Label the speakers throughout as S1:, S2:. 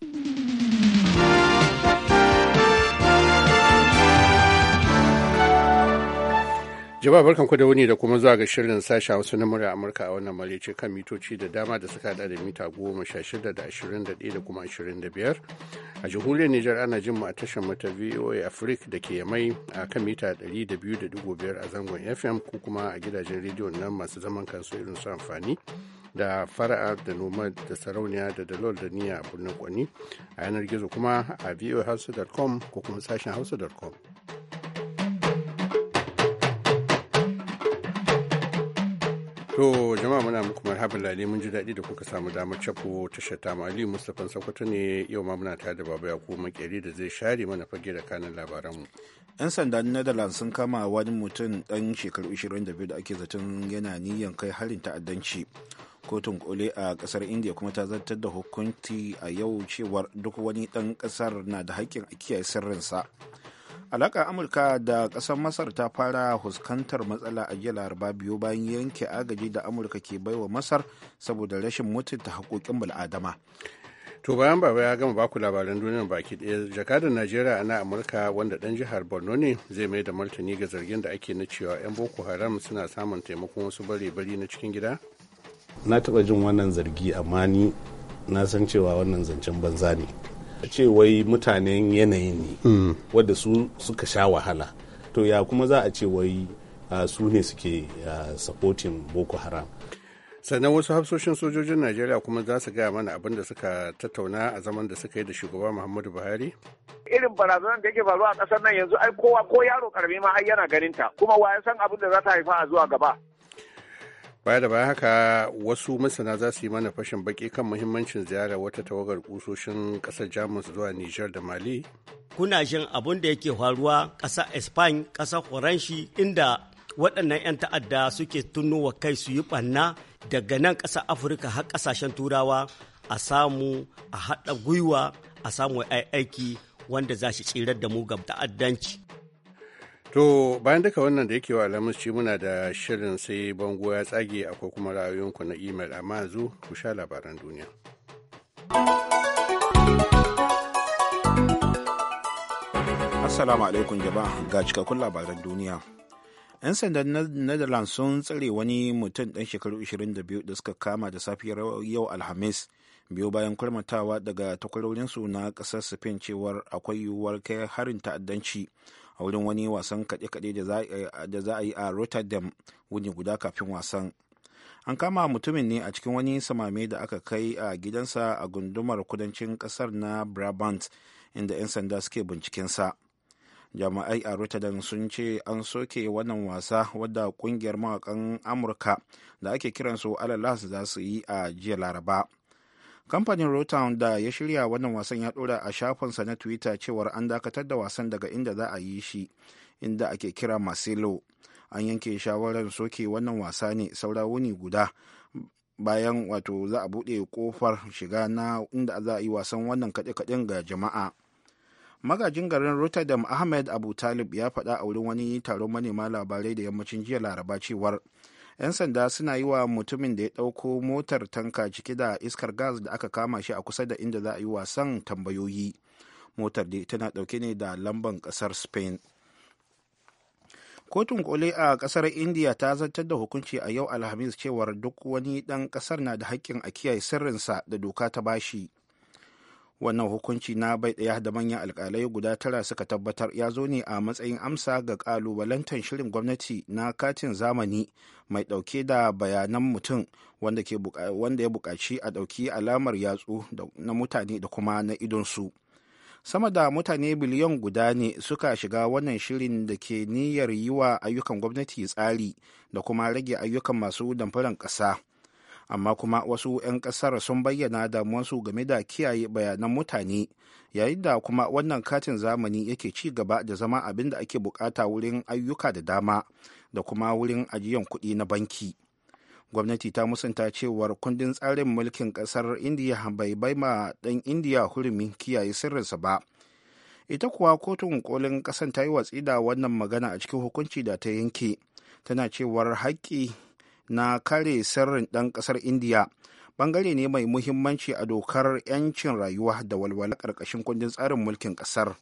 S1: you Jama'a barkan da wuni da kuma zuwa ga shirin sashe wasu na murya Amurka a wannan malice kan mitoci da dama da suka hada da mita goma sha shida da ashirin da ɗaya da kuma ashirin da biyar. A jamhuriyar Nijar ana jin mu a tashar mata VOA Africa da ke mai a kan mita ɗari da biyu da dubu biyar a zangon FM ko kuma a gidajen rediyo nan masu zaman kansu irin su amfani da fara'a da noma da sarauniya da dalol da niyya a birnin kwani a yanar gizo kuma a voahausa.com ko kuma sashen hausa.com. To jama'a muna muku marhaban lale mun ji daɗi da kuka samu damar cafo tashar ta Ali Mustapha Sokoto ne yau ma muna tare da Baba Yakubu Makeri da zai share mana fage da kanin mu
S2: 'Yan sanda na Netherlands sun kama wani mutum ɗan shekaru 22 da ake zaton yana niyyar kai harin ta'addanci. Kotun koli a ƙasar India kuma ta zartar da hukunci a yau cewar duk wani ɗan ƙasar na da haƙƙin a kiyaye sirrinsa. alaƙa amurka da ƙasar masar ta fara huskantar matsala a jiya laraba biyu bayan yanke agaji da amurka ke baiwa masar saboda rashin mutunta haƙoƙin bil'adama
S1: to bayan baba ya gama baku labaran duniyar baki ɗaya jakadar najeriya na amurka wanda ɗan jihar borno ne zai mai da martani ga zargin da ake na cewa 'yan boko haram suna samun taimakon wasu bare-bari na cikin gida
S3: na taɓa jin wannan zargi amma ni na san cewa wannan zancen banza ne ce wai mutanen yanayi ne hmm. wadda su suka sha wahala to ya kuma za a ce wai uh, su ne suke uh, supporting boko
S1: haram sannan wasu hafsoshin sojojin najeriya kuma za su gaya mana abin da suka tattauna a zaman da suka yi da shugaba muhammadu buhari
S4: irin barazanar da yake faruwa a ƙasar nan yanzu ai kowa ko yaro karami ma ai yana ganin kuma wa ya san abin da za ta haifa a zuwa gaba
S1: baya da baya haka wasu masana za su yi mana fashin baki kan muhimmancin ziyarar wata tawagar kusoshin kasar jamus zuwa nijar da mali
S5: kuna jin abun da yake faruwa ƙasa spain kasa horanshi inda waɗannan 'yan ta'adda suke tunowa kai su yi ɓanna daga nan ƙasar afirka har ƙasashen turawa a samu a haɗa gwiwa a samu aiki wanda za shi tsirar da mu ga ta'addanci
S1: To bayan duka wannan da yake wa ci muna da shirin sai bango ya tsage akwai kuma ra'ayoyinku na imel amma yanzu ku sha labaran duniya.
S2: Assalamu alaikum jama'a ga cikakkun labaran duniya. 'Yan sandan Netherlands sun tsare wani mutum ɗan shekaru 22 da suka kama da safiyar yau Alhamis biyu bayan kurmatawa daga takwarorinsu na ƙasar Spain cewar akwai yiwuwar kai harin ta'addanci a wurin wani wasan kaɗe-kaɗe eh, da za a yi a rotterdam wuni guda kafin wasan an kama mutumin ne a cikin wani samame da aka kai a gidansa a gundumar kudancin ƙasar na brabant inda 'yan sanda suke bincikinsa jama'ai a rotterdam sun ce an soke wannan wasa wadda kungiyar mawakan amurka da ake kiransu alalas za su yi a jiya laraba kamfanin rotown da ya shirya wannan wasan ya dora a shafinsa na twitter cewar an dakatar da wasan daga inda za a yi shi inda ake kira marcelo an yanke shawarar soke wannan wasa ne saura wuni guda bayan wato za a buɗe kofar shiga na inda za a yi wasan wannan kaɗe-kaɗen ga jama'a magajin garin rotterdam ahmed abu talib ya faɗa a wurin wani taron manema labarai da yammacin jiya laraba cewar 'yan sanda suna yi wa mutumin da ya ɗauko motar tanka ciki da iskar gas da aka kama shi a kusa da inda za a yi wasan tambayoyi motar da tana ɗauke ne da lamban ƙasar spain kotun koli a ƙasar india ta zartar da hukunci a yau alhamis cewar duk wani ɗan ƙasar na da haƙƙin a kiyaye sirrinsa da doka ta bashi wannan hukunci na bai ɗaya da manyan alkalai guda tara suka tabbatar ya zo ne a matsayin amsa ga ƙalubalantar shirin gwamnati na katin zamani mai ɗauke da bayanan mutum wanda ya buƙaci a ɗauki alamar yatsu na mutane da kuma na idonsu sama da mutane biliyan guda ne suka shiga wannan shirin da ke niyyar yi wa ayyukan gwamnati tsari da kuma rage ayyukan masu damfaran ƙasa. amma kuma wasu 'yan ƙasar sun bayyana damuwarsu game da kiyaye bayanan mutane yayin da kuma wannan katin zamani yake ci gaba da zama abin da ake bukata wurin ayyuka da dama da kuma wurin ajiyan kuɗi na banki gwamnati ta musanta cewar kundin tsarin mulkin ƙasar indiya bai bai ma ɗan indiya hurumi kiyaye sirrinsa ba ita kuwa kotun kolin ƙasan ta yi watsi da wannan magana a cikin hukunci da ta yanke tana cewar haƙƙi na kare sirrin ɗan ƙasar indiya bangare ne mai muhimmanci a dokar 'yancin rayuwa da walwala ƙarƙashin kundin tsarin mulkin ƙasar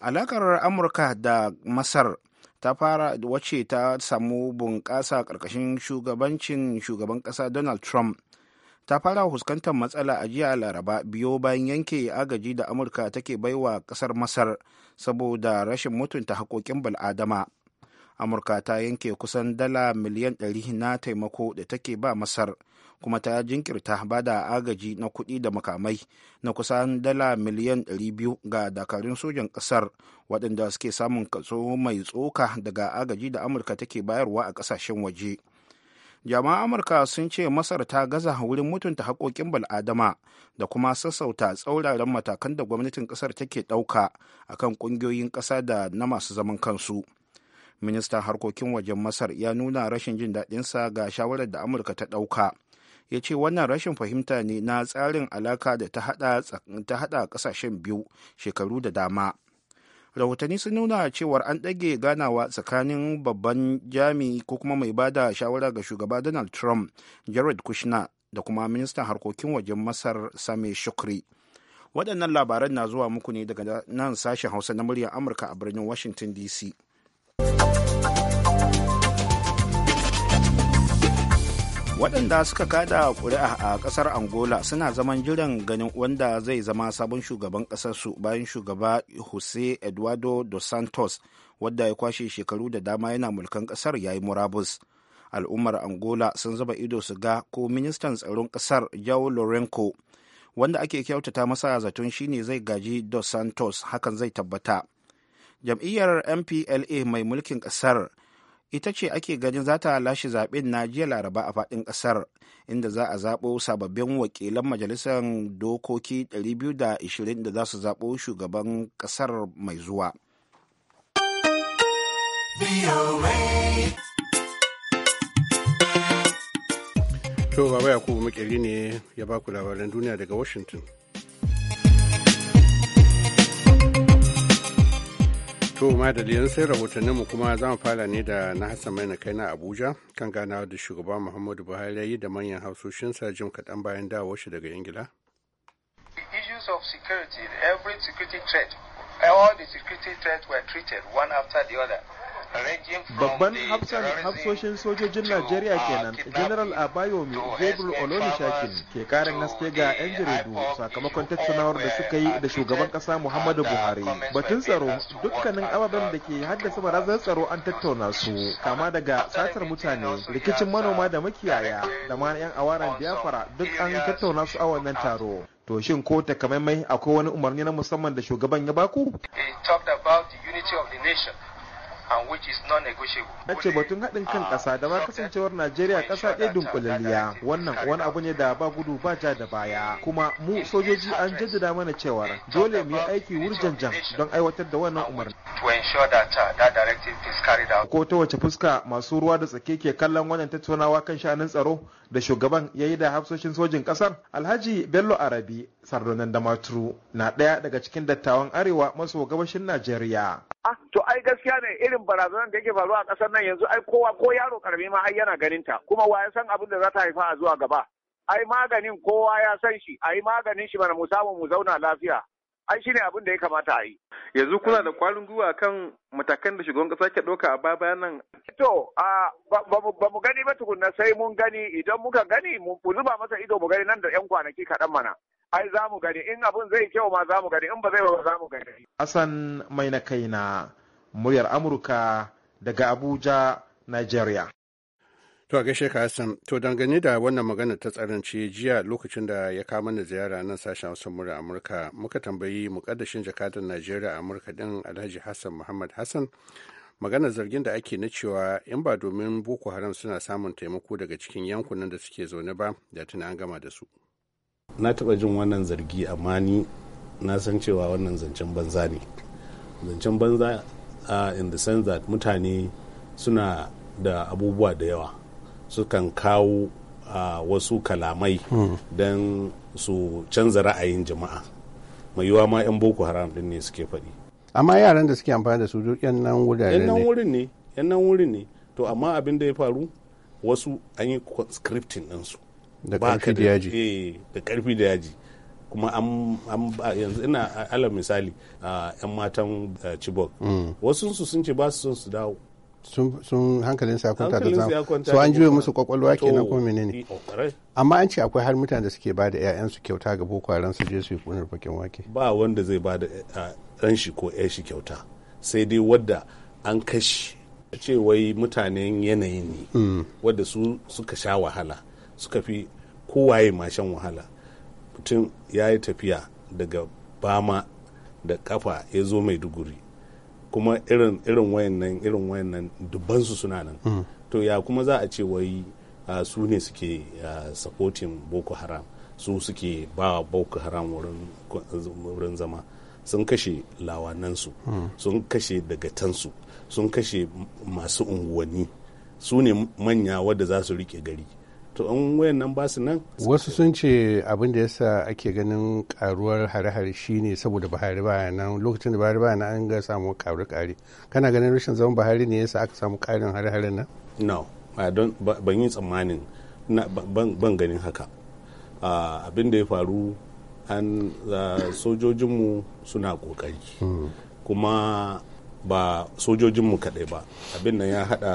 S2: alakar amurka da masar ta fara wacce ta samu bunƙasa ƙarƙashin shugabancin shugaban ƙasa donald trump ta fara fuskantar matsala a jiya laraba biyo bayan yanke agaji da amurka take baiwa ƙasar masar saboda rashin mutunta haƙoƙin bal'adama amurka ta yanke kusan dala miliyan ɗari na taimako da take ba masar kuma ta jinkirta ba da agaji na kuɗi da makamai na kusan dala miliyan ɗari biyu ga dakarun sojan ƙasar waɗanda suke samun katso mai tsoka daga agaji da amurka take bayarwa a ƙasashen waje jama'a amurka sun ce masar ta gaza wurin mutunta haƙoƙin bal'adama da kuma sassauta tsauraran matakan da gwamnatin ƙasar take ɗauka akan ƙungiyoyin ƙasa da na masu zaman kansu. ministan harkokin wajen masar ya nuna rashin jin daɗinsa ga shawarar da amurka ta ɗauka ya ce wannan rashin fahimta ne na tsarin alaka da ta haɗa ƙasashen biyu shekaru da dama rahotanni sun nuna cewar an ɗage ganawa tsakanin babban jami ko kuma mai bada shawara ga shugaba donald trump jared kushner da kuma ministan harkokin wajen masar sami shukri waɗannan labaran na zuwa muku ne daga nan sashen hausa na muryar amurka a birnin washington dc waɗanda suka kada ƙuri'a a ƙasar angola suna zaman jiran ganin wanda zai zama sabon shugaban ƙasarsu bayan shugaba jose eduardo dos santos wadda ya kwashe shekaru da dama yana mulkan ƙasar yayi murabus al'ummar angola sun zuba ido su ga ko ministan tsaron ƙasar jao lorenco wanda ake kyautata masa zaton shine zai gaji dos santos hakan zai tabbata jam'iyyar mpla mai mulkin ƙasar ita ce ake ganin za ta lashe zaɓen na jiya laraba a faɗin ƙasar inda za a zaɓo sababbin wakilan majalisar dokoki 220 da za su zaɓo shugaban ƙasar mai zuwa.
S1: To, Baba Yakubu Makeri ne ya ba baku labaran duniya daga Washington. To madaliyan sai rahotannin mu kuma za mu fara ne da na Hassan na kai na Abuja kan ganawa da shugaba Muhammadu Buhari yi da manyan sa jim kaɗan bayan dawo shi daga Ingila. The issues of security, every security threat,
S5: all the security threats were treated one after the other.
S6: babban hafsoshin sojojin najeriya kenan general abayomi gabriel olonishakin ke karin haske ga 'yan jaridu sakamakon tattaunawar da suka yi da shugaban kasa muhammadu uh, buhari batun tsaro dukkanin ababen da ke haddasa barazan tsaro an tattauna su kama daga satar mutane rikicin manoma da makiyaya da ma 'yan awaran biafra duk an tattauna su a wannan taro to shin ko takamaimai akwai wani umarni na musamman da shugaban ya baku? Na ce batun haɗin kan ƙasa da ma kasancewar Najeriya ƙasa ɗaya dunkulaliya wannan wani abu ne da ba gudu ba ja da baya kuma mu sojoji an jaddada mana cewa dole mu yi aiki wurjanjan don aiwatar da wannan umarni. Uh, Ko ta wace fuska masu ruwa da tsake ke kallon wannan tattaunawa kan sha'anin tsaro da shugaban ya yi da hafsoshin sojin ƙasar Alhaji Bello Arabi Sardunan Damaturu na ɗaya daga cikin dattawan Arewa maso gabashin Najeriya.
S4: Ah, to ai gaskiya ne irin barazanar da yake faruwa a ƙasar nan yanzu ai kowa ko yaro karami ma ai yana ganin ta kuma wa ya san abin da za ta haifa a zuwa gaba. Ai maganin kowa ya san shi, ai maganin shi mana mu samu mu zauna lafiya. Ai shine abin da ya kamata a yi.
S6: Yanzu kuna da kwarin gwiwa kan matakan da shugaban ƙasa ke ɗauka a baya bayan nan. To,
S4: ba mu gani ba tukunna sai mun gani idan muka gani mu zuba masa ido mu gani nan da 'yan kwanaki kaɗan mana. ai za mu gani in abin zai kyau ma za mu gani in ba zai ba za mu gani.
S6: Hassan mai na kaina muryar Amurka daga Abuja, Nigeria.
S1: To a gaishe ka Hassan, to dangane da wannan magana ta tsaranci jiya lokacin da ya kama na ziyara nan sashen wasu murar Amurka muka tambayi mukaddashin jakadan Najeriya a Amurka din Alhaji Hassan Muhammad Hassan maganar zargin da ake na cewa in ba domin Boko Haram suna samun taimako daga cikin yankunan da suke zaune ba da tuna an gama da su.
S3: na taɓa jin wannan zargi amma ni na san cewa wannan zancen banza ne zancen banza uh, in the sense that mutane suna da abubuwa da yawa sukan kawo uh, wasu kalamai mm. don su canza ra'ayin jama'a mai yiwa ma 'yan boko haram din ne suke faɗi
S1: amma yaran da suke amfani da su duk 'yan nan ne
S3: wurin ne ne to amma abin da ya faru wasu an yi scripting ɗinsu da karfi da yaji
S1: eh, da karfi da yaji
S3: kuma an yanzu ina alal misali yan matan chibok
S1: mm. wasu su sun ce ba su son su dawo sun hankalin sa kwanta da zamu so an juye musu kwakwalwa kenan kuma menene eh, oh, amma an ce akwai har mutane da suke ba da su kyauta ga boko haram su je su yi kunar bakin wake ba wanda zai ba da ɗan shi ko ƴar shi kyauta
S3: sai dai wadda an kashi ce wai mutanen yanayi ne mm. wadda su suka sha wahala suka fi kowaye mashan wahala mutum ya yi tafiya daga bama da kafa ya zo mai duguri kuma irin irin wayannan irin wayannan dubbansu suna nan hmm. to ya kuma za a ce wai su ne suke sakotin boko haram su suke ba boko haram wurin zama sun kashe lawanansu hmm. sun kashe dagatansu sun kashe masu unguwanni su ne manya wadda za su rike gari
S1: to an wayan nan basu nan wasu sun ce abin da yasa ake ganin karuwar hare-hare shine saboda buhari baya nan lokacin da buhari baya nan an ga samu karu-kare kana ganin rashin zaman bahari ne yasa aka samu karin hare-hare nan no ban
S3: yi tsammanin ban ganin haka ah, abin da ya faru an sojojinmu suna kokari hmm. kuma ba sojojinmu kaɗai ba abin nan ya haɗa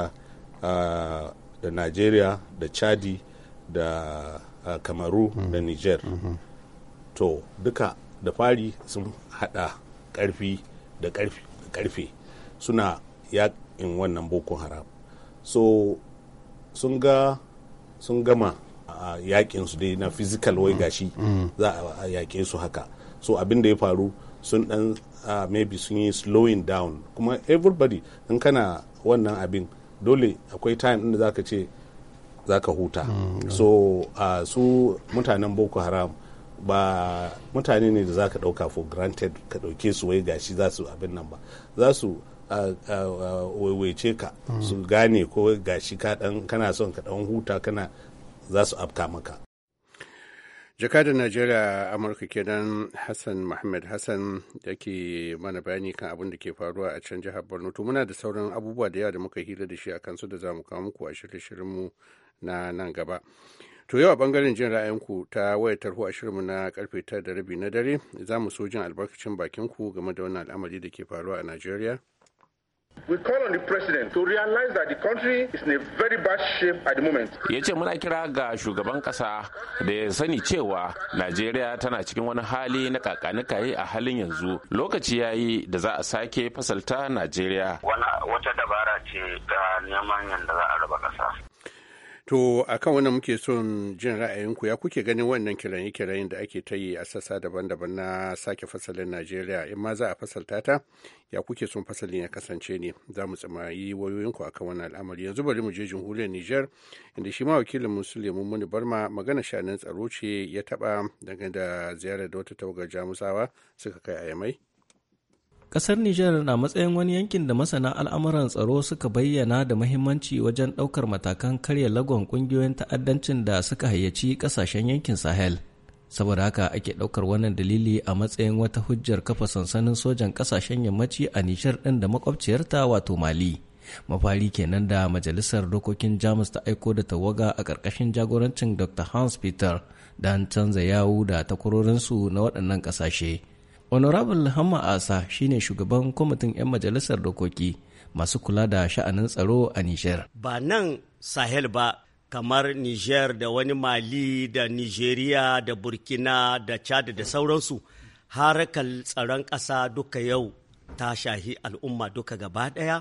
S3: ah, da nigeria da chadi da uh, kamaru da niger to duka da fari sun hada karfi da karfe suna yakin wannan boko haram so sun ga sun gama uh, yaƙinsu yakin su dai na physical wai mm. gashi mm. za a yake su haka so abin da ya faru sun dan uh, maybe sun yi slowing down kuma everybody in kana wannan abin dole akwai time inda zaka ce za ka huta mm, so uh, su mutanen boko haram ba mutane ne da za ka ɗauka for granted ka ɗauke su wai gashi za su abin nan ba za su uh, uh, waiwaice ka mm. su gane ko gashi kana son ka ɗan huta kana za su afka maka
S1: jakadar najeriya amurka kenan hassan muhammad hassan da ke mana bayani kan abin da ke faruwa a can jihar borno to muna da sauran abubuwa da yawa da muka hira da shi a kansu da za mu kawo muku a shirye-shiryenmu na nan gaba to yau a bangaren jin ra'ayinku ta wayar tarho a shirinmu na karfe tara da rabi na dare za mu so jin albarkacin bakin ku game da wannan al'amari da ke faruwa a najeriya
S3: We call on the president to realize that the country is in a very bad shape at the
S4: moment. Ya ce muna kira ga shugaban kasa da ya sani cewa Najeriya tana cikin wani hali na kakanikaye a halin yanzu. Lokaci ya yi da za a sake fasalta
S1: Najeriya.
S5: Wata dabara ce ta neman yadda za a raba kasa.
S1: To a kan wannan muke son jin ra'ayinku ya kuke ganin wannan kiraye-kirayen da ake ta yi a sassa daban-daban na sake fasalin Najeriya in ma za a fasalta ta ya kuke son fasalin ya kasance ne za mu tsamayi wayoyinku akan wannan al'amari yanzu bari mu je jamhuriyar Nijar inda shi ma wakilin Musulmi Muni Barma magana shanin tsaro ce ya taɓa dangane da ziyarar da wata tawagar Jamusawa suka kai a Yamai.
S7: Ƙasar Nijar na matsayin wani yankin da masana al'amuran tsaro suka bayyana da mahimmanci wajen ɗaukar matakan karya lagon ƙungiyoyin ta'addancin da suka hayyaci ƙasashen yankin Sahel. Saboda haka ake ɗaukar wannan dalili a matsayin wata hujjar kafa sansanin sojan ƙasashen yammaci a Nijar ɗin da makwabciyarta wato Mali. Mafari kenan da Majalisar Dokokin Jamus ta aiko da tawaga a ƙarƙashin jagorancin Dr. Hans Peter don canza yawu da takwarorinsu na waɗannan ƙasashe. honorable hamma asa shine shugaban kwamitin 'yan majalisar dokoki masu kula da sha'anin tsaro a niger
S5: ba nan sahel ba kamar niger da wani mali da nigeria da burkina da chad da sauransu harakar tsaron ƙasa duka yau ta shahi al'umma duka gaba ɗaya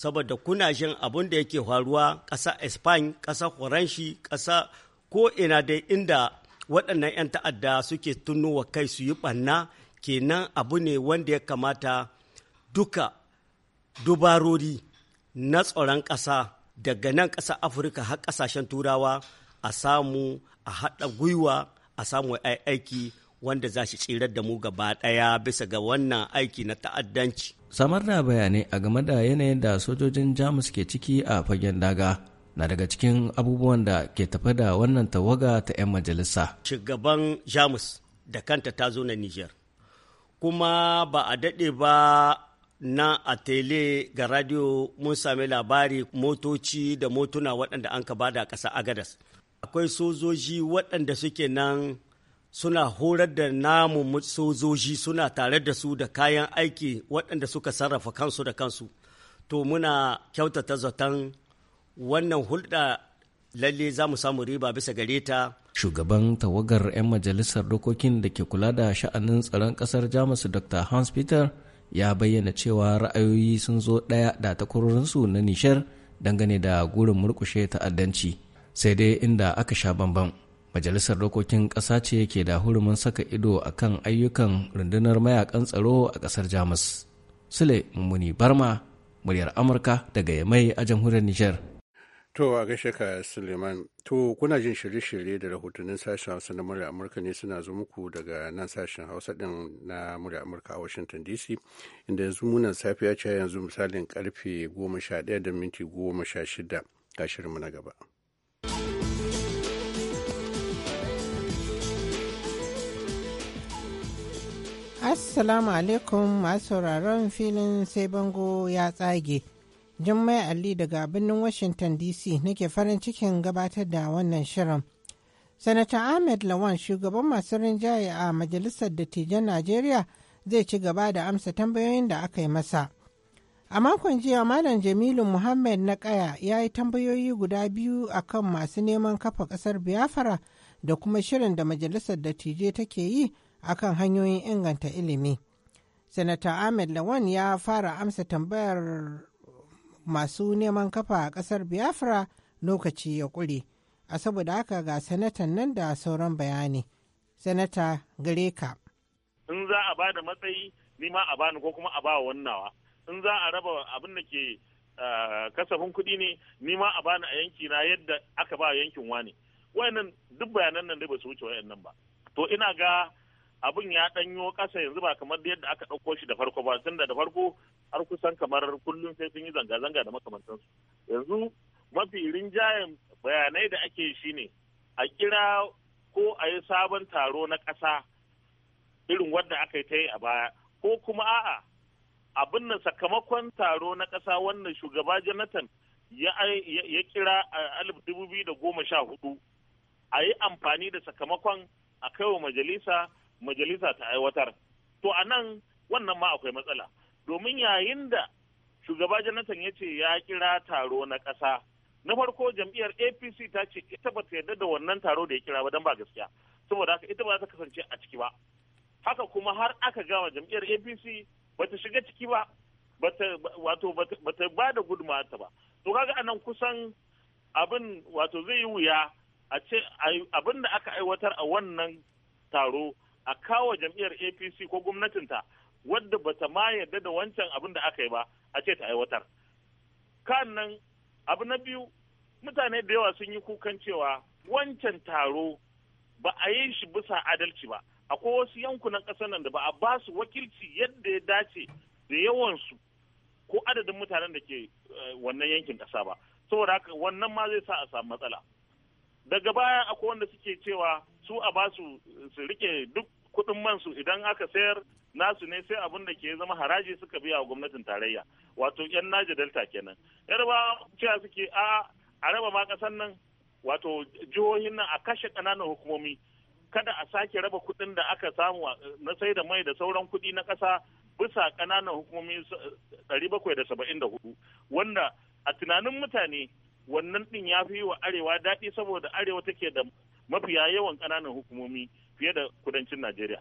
S5: saboda kuna jin abin da yake faruwa ƙasa Spain, ƙasa Faranshi, ƙasa ko ina dai inda waɗannan 'yan ta'adda suke tunowa kai su yi ɓanna kenan abu ne wanda ya kamata duka dubarori na tsoron ƙasa daga nan ƙasa afirka har ƙasashen turawa a samu a haɗa gwiwa a samu aiki wanda za shi tsirar da mu gaba ɗaya bisa ga wannan aiki na ta'addanci.
S7: samar da bayanai a game da yanayin da sojojin jamus ke ciki a fagen daga na daga cikin abubuwan da ke tafi da wannan tawaga ta 'yan majalisa.
S5: shugaban jamus da kanta ta zo na niger kuma ba a daɗe ba na a tele ga radio mun sami labari motoci da motuna waɗanda an ka bada ƙasa agadas akwai sojoji waɗanda suke nan suna horar da namu sojoji suna tare da su da kayan aiki waɗanda suka sarrafa kansu da kansu to muna kyautata zaton wannan hulɗa lalle za mu samu riba bisa gare ta
S7: shugaban tawagar 'yan majalisar dokokin da ke kula da sha'anin tsaron ƙasar jamus dr hans peter ya bayyana cewa ra'ayoyi sun zo ɗaya da takwarorinsu na nishar dangane da gurin murkushe ta'addanci sai dai inda aka sha bambam majalisar dokokin ƙasa ce ke da hurumin saka ido a kan ayyukan rundunar mayakan tsaro a ƙasar jamus sule mummuni barma muryar amurka daga yamai a jamhuriyar nijar
S1: To a gaishe ka Suleiman, to kuna jin shirye-shirye da rahotannin sashen Hausa na murya Amurka ne suna zo muku daga nan sashen Hausa din na murya Amurka a Washington DC, inda yanzu munan safiya ce yanzu misalin karfe 11 da minti 16 ga shirinmu na gaba.
S8: Assalamu alaikum masu sauraron filin sai bango ya tsage. Jummai Ali daga birnin Washington DC nake farin cikin gabatar da wannan shirin. Sanata Ahmed Lawan shugaban masu rinjaye a Majalisar Dattijan Najeriya zai ci gaba da amsa tambayoyin da aka yi masa. A makon jiya Malam Jamilu Muhammad na Kaya ya yi tambayoyi guda biyu a kan masu neman kafa ƙasar Biafra da kuma shirin da Majalisar Dattijai take yi a kan hanyoyin inganta ilimi. Sanata Ahmed Lawan ya fara amsa tambayar masu neman kafa a ƙasar biafra lokaci ya ƙure a saboda haka ga sanatan nan da sauran bayani sanata Gareka.
S4: in za a ba da matsayi ni a bani ko kuma a ba wannawa in za a raba abin da ke kasafin kuɗi ne ni a bani a yanki na yadda aka ba yankin wani wayannan duk bayanan nan dai ba su wuce wayannan ba to ina ga abin ya ɗanyo ƙasa yanzu ba kamar yadda aka ɗauko shi da farko ba tunda da farko har kusan kamar kullum sai sun yi zanga-zanga da makamantansu yanzu mafi rinjayen bayanai da ake shi ne a kira ko a yi sabon taro na ƙasa irin wadda aka yi ta yi a baya ko kuma a'a abin nan sakamakon taro na ƙasa wannan shugaba jonathan ya kira a alif dubu biyu da goma sha hudu a yi amfani da sakamakon a kai wa majalisa majalisa ta aiwatar to a nan wannan ma akwai matsala domin yayin da shugaba jonathan ya ce ya kira taro na ƙasa na farko jam'iyyar apc ta ce ita ba ta yarda da wannan taro da ya kira ba don ba gaskiya saboda haka ita ba za ta kasance a ciki ba haka kuma har aka gama jam'iyyar apc ba ta shiga ciki ba ba ta ba da gudunmawarta ba to kaga anan kusan abin wato zai yi wuya a ce abin da aka aiwatar a wannan taro a kawo jam'iyyar apc ko gwamnatinta wadda bata ma yarda da wancan abin da aka yi ba a ce ta aiwatar kan nan abu na biyu mutane da yawa sun yi kukan cewa wancan taro ba a yi shi bisa adalci ba akwai wasu yankunan ƙasar nan da ba a ba su wakilci yadda ya dace da yawansu ko adadin mutanen da ke eh, wannan yankin ƙasa ba saboda haka wannan ma zai sa a samu matsala daga baya akwai wanda suke cewa su a ba su su rike duk kudin man su idan aka sayar nasu ne sai abin da ke zama haraji suka biya wa gwamnatin tarayya wato yan naja delta kenan yarba cewa suke a a raba ma kasan nan wato jihohin nan a kashe kananan hukumomi kada a sake raba kuɗin da aka samu na sai da mai da sauran kuɗi na kasa bisa kananan hukumomi 774 wanda a tunanin mutane wannan din ya fi wa arewa daɗi saboda arewa take da mafiya yawan kananan hukumomi fiye da kudancin Najeriya.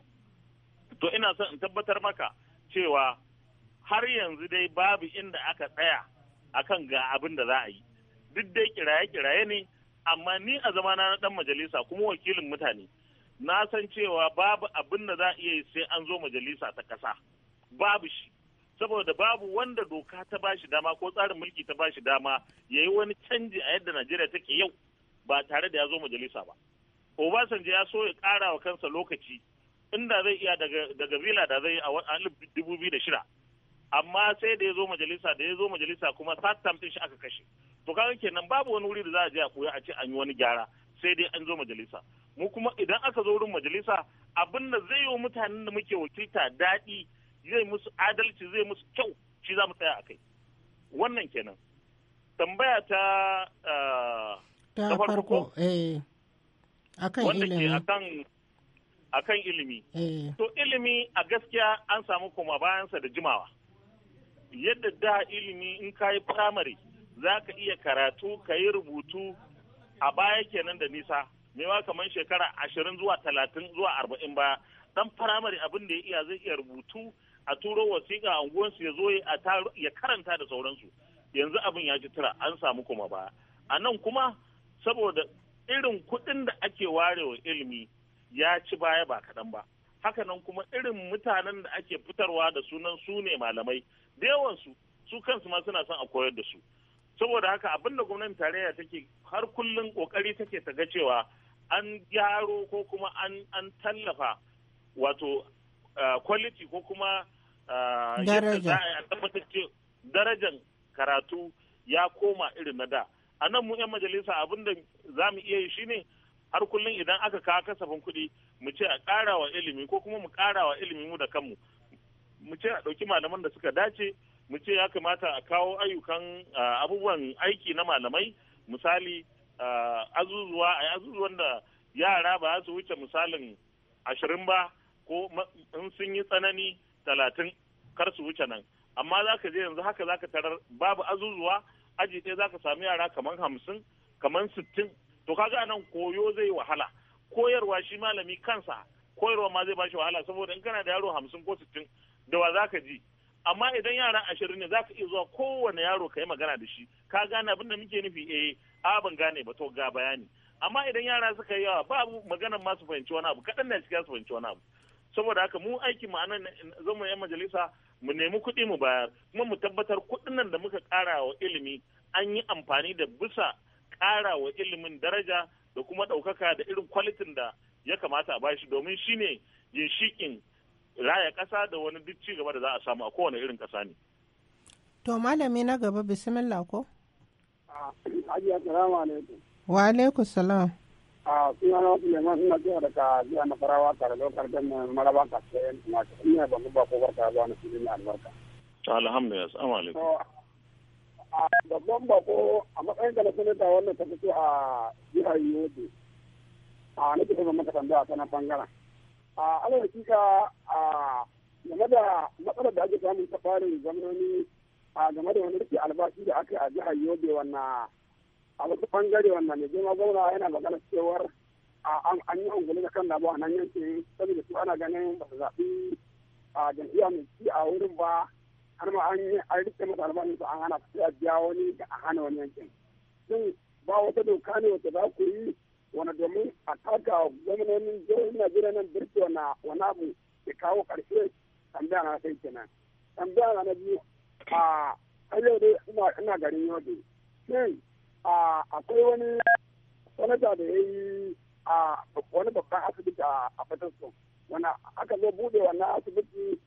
S4: To ina son in tabbatar maka cewa har yanzu dai babu inda aka tsaya akan ga abin da za a yi. Duk dai kiraye-kiraye ne, amma ni a zamana na ɗan majalisa kuma wakilin mutane. Na san cewa babu abin da za a iya yi sai an zo majalisa ta kasa. Babu shi. saboda babu wanda doka ta bashi dama ko tsarin mulki ta bashi dama ya yi wani canji a yadda Najeriya take yau ba tare da ya zo majalisa ba. Obasanjo ya so ya kara wa kansa lokaci inda zai iya daga vila da zai a dubu biyu da shida amma sai da ya zo majalisa da ya zo majalisa kuma sat ɗin shi aka kashe to kaga kenan babu wani wuri da za a je a koya a ce an yi wani gyara sai dai an zo majalisa mu kuma idan aka zo wurin majalisa abin da zai yi wa mutanen da muke wakilta daɗi zai musu adalci zai musu kyau shi za mu tsaya a kai wannan kenan tambaya ta ah,
S8: ta farko eh. wanda ke
S4: akan ilimi eh. to ilimi a gaskiya an samu kuma bayansa da jimawa yadda da ilimi in ka yi firamare za ka iya karatu ka yi rubutu a baya kenan da nisa mewa kamar shekara ashirin zuwa talatin zuwa arba'in baya dan firamare abin da ya iya zai iya rubutu a turo wasiƙa a unguwarsu ya zo ya karanta da sauransu yanzu abin ya ji tura an samu kuma baya a nan kuma saboda irin kuɗin da ake warewa ilimi ya ci baya ba kaɗan ba hakanan kuma irin mutanen da ake fitarwa da sunan su ne malamai da yawansu su kansu ma suna son a koyar da su saboda haka abin da gwamnatin tarayya take har kullum kokari take ta ga cewa an gyaro ko kuma an tallafa wato quality ko kuma yadda za a tabbatar darajan karatu ya koma irin na da a nan mu 'yan majalisa abin da za mu iya yi shine har kullum idan aka kawo kasafin kuɗi mu ce a ƙara wa ilimi ko kuma mu ƙara wa ilimi mu da kanmu mu ce a ɗauki malaman da suka dace mu ce ya kamata a kawo ayyukan abubuwan aiki na malamai misali azuzuwa a azuzuwan da yara ba su wuce misalin ashirin ba ko in sun yi tsanani talatin kar su wuce nan amma za ka je yanzu haka za ka tarar babu azuzuwa aji ɗaya zaka sami yara kamar hamsin kamar sittin to kaga nan koyo zai wahala koyarwa shi malami kansa koyarwa ma zai ba shi wahala saboda in kana da yaro hamsin ko sittin da wa zaka ji amma idan yara ashirin ne ka iya zuwa kowane yaro ka yi magana da shi ka gane abin da muke nufi eh a ban gane ba to ga bayani amma idan yara suka yi yawa babu maganan masu fahimci wani abu kaɗan na cikin su fahimci wani abu saboda haka mu aikin mu anan zama yan majalisa mu nemi kuɗi mu bayar kuma mu tabbatar kuɗin nan da muka ƙara wa ilimi an yi amfani da bisa ƙara wa ilimin daraja da kuma ɗaukaka da irin kwalitin da ya kamata a bashi domin shi ne ginshiƙin raya ƙasa da wani duk ci gaba da za a samu a kowane irin ƙasa ne.
S8: To malami na gaba bismillah ko? Ah, wa alaikum salam.
S9: Ah, a suna na suna neman suna zuwa daga zuwa na farawa tare da karfin mai maraba ka ce yan tumata ina ban ba ko barka zuwa na filin na albarka.
S8: alhamdulillah assalamu alaikum.
S9: Ah, ah, a babban bako a matsayin da na sanata wannan ta fito a jihar yobe a nake kuma maka tambaya ta na bangaren. a ala hakika a game da matsalar da ake samun ta farin gwamnoni a game da wani rike albashi da aka yi a jihar yobe wannan a wasu bangare wannan mai zama gwamna yana magana cewar an yi ungulu da kan labu a nan yanke saboda su ana ganin ba su zaɓi a jam'iyya mai ci a wurin ba har ma an yi an rike masa albashin su an hana su a biya wani da a hana wani yankin sun ba wata doka ne wata za ku yi wani domin a taka gwamnonin jihohin najeriya nan birki wani abu ya kawo ƙarshe tambaya na sai kenan tambaya na biyu a har yau dai ina garin yau akwai wani sanata da ya yi a wani babban asibiti a fatarsu wana aka zo bude wannan asibiti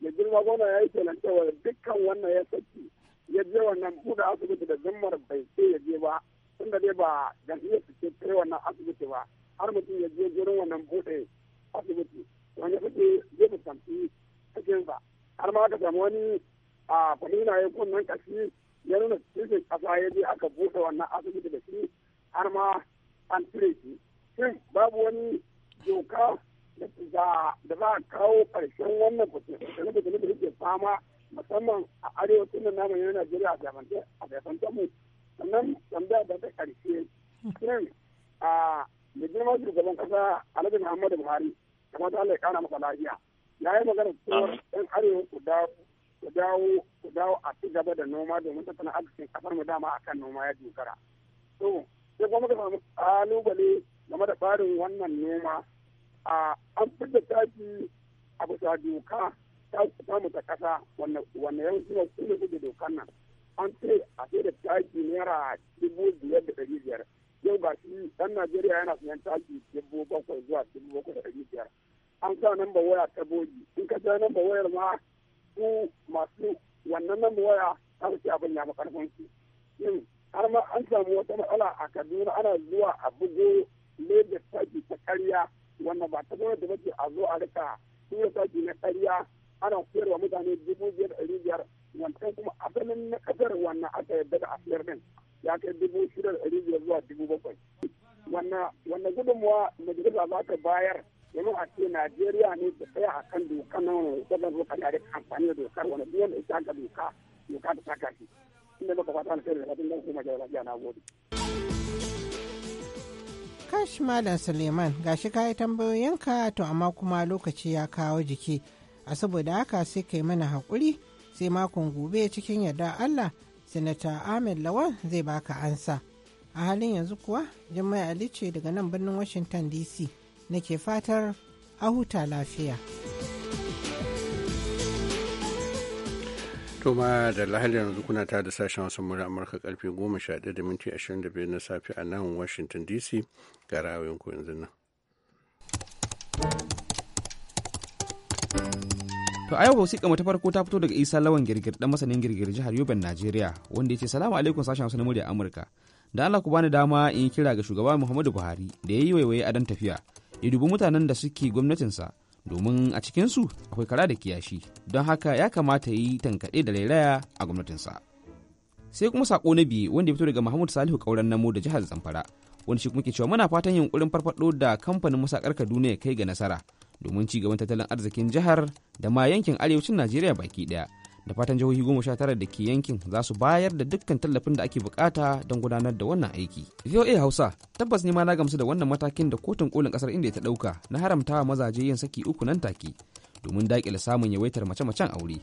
S9: da girma gona ya yi kenan dukkan wannan ya saki ya je wannan bude asibiti da zimmar bai ce ya je ba tunda dai ba jam'iyyar su ce kai wannan asibiti ba har mutum ya je gurin wannan bude asibiti wani suke zai fuskanci cikinsa har ma aka samu wani a kwamina ya kunnan kashi ya nuna cikin kasa ya je aka buɗe wannan asibiti da shi har ma an cire shi shin babu wani doka da za a kawo ƙarshen wannan fitinu da ta fama musamman a arewacin da namun yana Najeriya a jafanta mu sannan tambaya da ta ƙarshe shin a da girman shugaban kasa alhaji muhammadu buhari kamar ta Allah ya masa lafiya ya yi magana cewar yan arewa su dawo ku dawo ku a ci gaba da noma domin tattalin arzikin kasar mu dama akan noma ya dogara to sai kuma muka samu kalubale game da tsarin wannan noma a an fidda taki a bisa doka ta samu ta kasa wanda yan suna suna da dokan nan an ce a sai da taki naira dubu biyar da ɗari biyar yau ga shi ɗan najeriya yana siyan taki dubu bakwai zuwa dubu bakwai da ɗari biyar an sa namba waya ta bogi in ka sa namba wayar ma su masu wannan nan waya an ce abin ya makarfin su yin har ma an samu wata matsala a kaduna ana zuwa a bugo lagos taki ta karya wannan ba ta gwamnati ba ce a zo a rika tura taki na karya ana koyarwa mutane dubu biyar ɗari biyar wancan kuma abinin na ƙasar wannan aka yarda da asiyar nan ya kai dubu shida da ɗari biyar zuwa dubu bakwai wannan gudunmuwa majalisa za ta bayar domin a ce najeriya ne ta tsaya a kan doka na wani wajen doka da rika amfani da dokar wani biyan da ita ga doka doka ta saka shi inda muka fata kai da wajen don kuma jarabajiya na gode.
S8: kash malam suleiman gashi ka yi tambayoyinka to amma kuma lokaci ya kawo jiki a saboda haka sai kai mana haƙuri sai makon gobe cikin yarda allah sanata ahmed lawan zai baka ansa a halin yanzu kuwa jima'i ali ce daga nan birnin washington dc nake fatar a huta lafiya.
S1: Toma da lahali yanzu kuna ta da sashen wasan mura Amurka karfe 11 da minti na safe a nan
S10: Washington DC ga ra'ayoyin ku yanzu nan. To a yau wasiƙa mata farko ta fito daga Isa Lawan Girgir dan masanin girgir jihar Yoben Najeriya wanda yace salamu alaikum sashen wasan murya Amurka. Da Allah ku bani dama in kira ga shugaba Muhammadu Buhari da ya yi waiwaye a dan tafiya ya dubi mutanen da suke gwamnatinsa domin a cikinsu akwai kara da kiyashi don haka ya kamata yi tankaɗe da lailaya a gwamnatinsa sai kuma sako na biyu wanda ya fito daga mahmud salihu kauran namo da jihar zamfara wani shi kuma ke cewa muna fatan yunkurin farfado da kamfanin musakar kaduna ya kai ga nasara domin ci gaban tattalin arzikin jihar da ma yankin arewacin najeriya baki ɗaya. da fatan jihohi goma sha tara da ke yankin za su bayar da dukkan tallafin da ake bukata don gudanar da wannan aiki voa hausa tabbas ne ma na gamsu da wannan matakin da kotun kolin kasar india ta dauka na haramtawa mazaje yin saki uku nan take domin dakile samun yawaitar mace-macen aure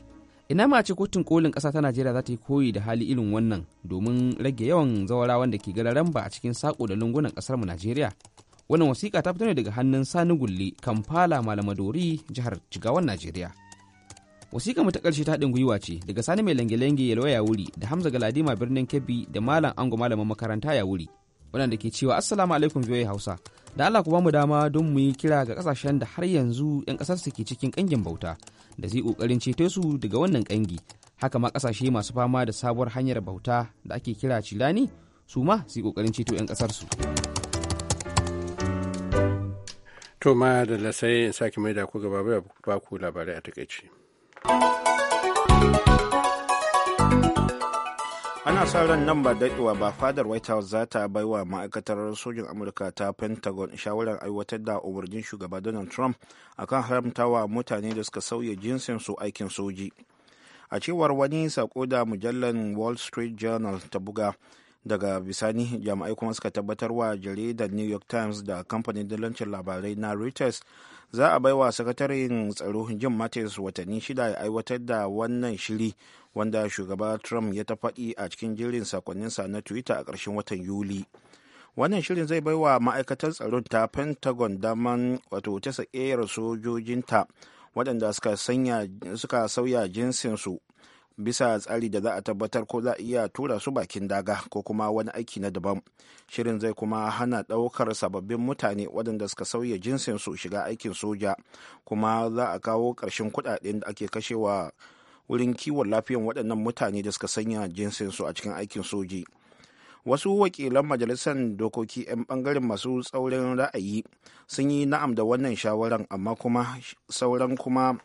S10: ina ma ce kotun kolin ƙasa ta najeriya za ta yi koyi da hali irin wannan domin rage yawan zawarawan da ke gararan ba a cikin sako da lungunan kasar mu najeriya wannan wasiƙa ta fito ne daga hannun sani Gulli Kampala malamadori jihar jigawan najeriya wasiƙa mu ta ƙarshe ta haɗin gwiwa ce daga sani mai lange-lange yalwa ya wuri da hamza galadima birnin kebbi da malam ango malamin makaranta ya wuri waɗanda ke cewa assalamu alaikum biyoyi hausa da allah ku bamu dama don mu yi kira ga kasashen da har yanzu 'yan ƙasar su ke cikin ƙangin bauta da zai ƙoƙarin ceto su daga wannan ƙangi haka ma ƙasashe masu fama da sabuwar hanyar bauta da ake kira cilani su ma su ƙoƙarin ceto 'yan ƙasar su.
S1: to ma da lasai in sake mai da ku gaba ba ku labarai a takaici.
S2: ana sa ran nan ba daɗewa ba fadar white house za ta bai wa ma'aikatar sojin amurka ta pentagon shawarar aiwatar da umarnin shugaba donald trump akan haramtawa mutane da suka sauya jinsin su aikin soji a cewar wani sako da mujallar wall street journal ta buga daga bisani jami'ai kuma suka tabbatar wa jaridar new york times da kamfanin dalancin labarai na reuters za a baiwa sakataren tsaro jim mattis watanni shida ya aiwatar da wannan shiri wanda shugaba trump ya ta faɗi a cikin jirin sakonninsa na twitter a ƙarshen watan yuli wannan shirin zai bai wa ma'aikatar tsaron ta pentagon daman wato ta sojojinta waɗanda suka sauya jinsinsu bisa tsari da za a tabbatar ko za a iya tura su bakin daga ko kuma wani aiki na daban shirin zai kuma hana ɗaukar sababbin mutane waɗanda suka sauya jinsinsu shiga aikin soja kuma za a kawo ƙarshen kuɗaɗen da ake kashewa wurin kiwon lafiyan waɗannan mutane da suka sanya jinsinsu a cikin aikin soji wasu wakilan majalisar dokoki 'yan bangaren masu tsaurin ra'ayi sun yi na'am da wannan shawaran amma kuma sauran kuma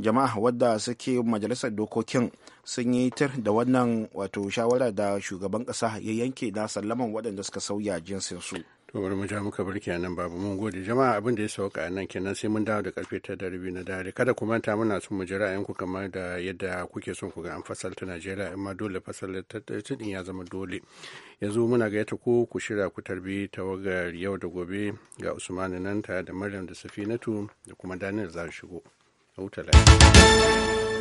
S2: jama'a wadda suke majalisar dokokin sun yi tir da wannan wato shawara da shugaban kasa ya yanke na sallaman waɗanda suka sauya su.
S1: to bari mu ja muka barki a nan babu mun gode jama'a abin da ya sauka a nan kenan sai mun dawo da karfe ta da rabi na dare kada ku manta muna son mu ji ra'ayinku kamar da yadda kuke son ku ga an fasalta Najeriya amma dole fasalta tudin ya zama dole yanzu muna gayyata ku ku shirya ku tarbi tawagar yau da gobe ga Usmanu nan tare da Maryam da Safinatu da kuma Daniel za su shigo. Huta lafiya.